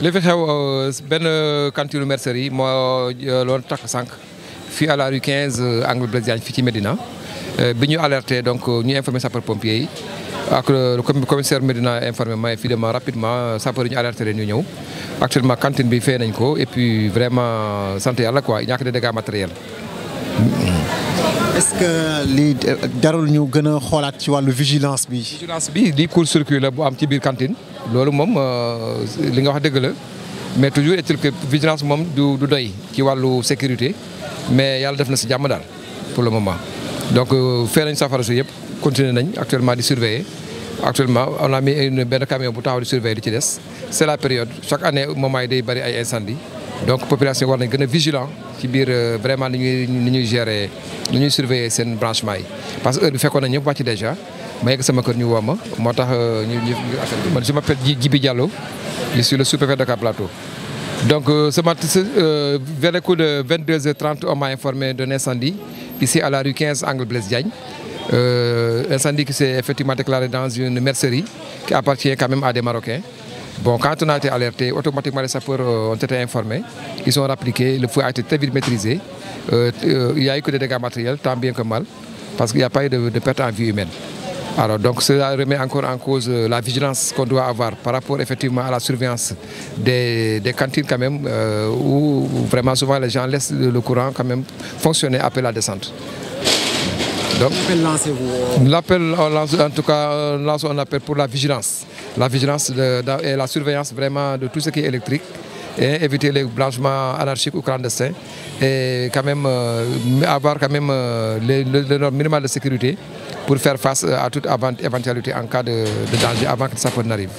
li fi xew euh, benn cantine mercerie moo euh, loon takk sànq fii à la rue 15 euh, angle Blaise Diagne fii ci Médina bi ñu alerte donc ñu informé sapeur pompier yi ak le commissaire Médina informé ma fii dama rapidement sapeur ñu alerté le ñu ñëw actuellement cantine bi fee nañ ko et puis vraiment sant yàlla quoi ñàkk de dégâts matériels. est-ce que lii euh, jarul ñu gën a xoolaat ci wàllu vigilance bi. vigilance bi di court circuit la bu am ci biir cantine. loolu moom euh, li nga wax dëgg la mais toujours est-il que vigilance moom du du doy ci wàllu sécurité mais yàlla def na si jàmm daal pour le moment. donc euh, fee nañ safara si yëpp continuer nañ actuellement di surveiller actuellement on a benn camion bu taxaw di surveiller di ci des c'est la période chaque année moment yi day bari ay incendie donc population war gën a vigilant ci biir vraiment ni ñuy ni ñuy gérer. nu ñuy surveiller seen branchement parce que heure bi fekkoon na ñëpp wàcc déjà ma yegg sama kër ñu woo ma moo tax euh, ñu ñu man je m'appelle Djibi Diallo je suis le sous-préfet de Dakar Plateau. donc sama euh, matin euh, vers de 22h30 on m'a informé d'un incendie ici à la rue 15 angle Blaise Diagne. Euh, incendie qui s'est effectivement déclaré dans une mercerie qui appartient quand même à des Marocains. Bon, quand on a été alerté, automatiquement les sapeurs euh, ont été informés. Ils ont appliqué, le feu a été très vite maîtrisé. Euh, euh, il n'y a eu que des dégâts matériels, tant bien que mal, parce qu'il n'y a pas eu de, de perte en vie humaine. Alors donc cela remet encore en cause euh, la vigilance qu'on doit avoir par rapport effectivement à la surveillance des, des cantines quand même, euh, où vraiment souvent les gens laissent le courant quand même fonctionner après la descente. Donc, l'appel, euh, en tout cas, euh, lance un appel pour la vigilance. La vigilance de, de, et la surveillance vraiment de tout ce qui est électrique et éviter les blanchiments anarchiques ou clandestins et quand même euh, avoir euh, le, le, le, minimum de sécurité pour faire face à toute éventualité en cas de, de danger avant que ça n'arrive.